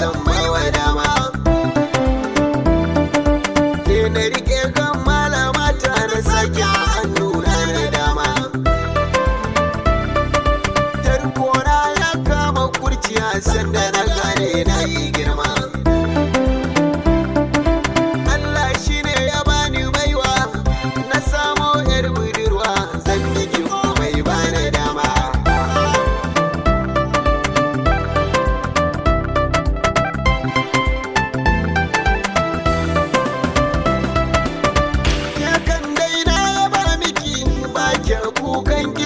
zan baiwa dama. Ke na rike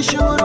sure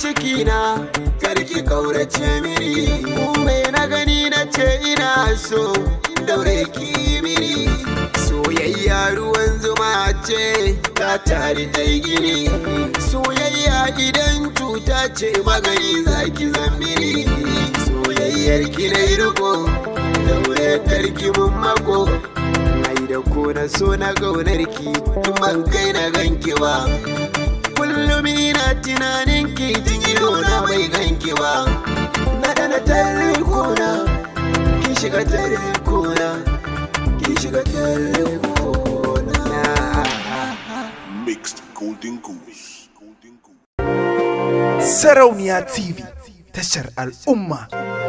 ciki na karki kaurace miri mai na gani na ce ina so daure ki miri soyayya ruwan zuma ce ta tare ta gini soyayya idan cuta ce magani zaki zambiri soyayyar ki na riko daure karki mun mako Mai da ko so na gaunar ki tun ban kai na ganki ba kullum ina tunanin ki jigiro na bai ganki ba na dana tare kona ki shiga tare kona ki shiga tare kona mixed golden goose sarauniya tv tashar al'umma